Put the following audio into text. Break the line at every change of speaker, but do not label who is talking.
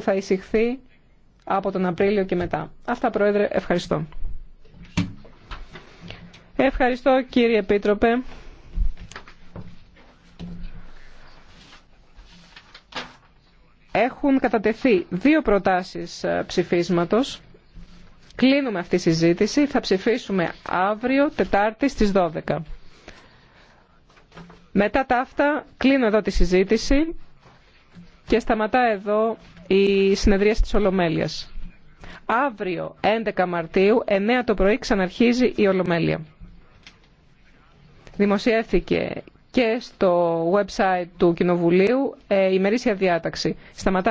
που θα εισηχθεί από τον Απρίλιο και μετά. Αυτά, Πρόεδρε, ευχαριστώ.
Ευχαριστώ, κύριε Επίτροπε.
Έχουν κατατεθεί δύο προτάσεις ε, ψηφίσματος. Κλείνουμε αυτή τη συζήτηση. Θα ψηφίσουμε αύριο, Τετάρτη, στις 12. Μετά τα αυτά, κλείνω εδώ τη συζήτηση. Και σταματά εδώ η συνεδρία της Ολομέλειας. Αύριο, 11 Μαρτίου, 9 το πρωί, ξαναρχίζει η Ολομέλεια. Δημοσιεύθηκε και στο website του Κοινοβουλίου ε, η μερίσια διάταξη. Σταματά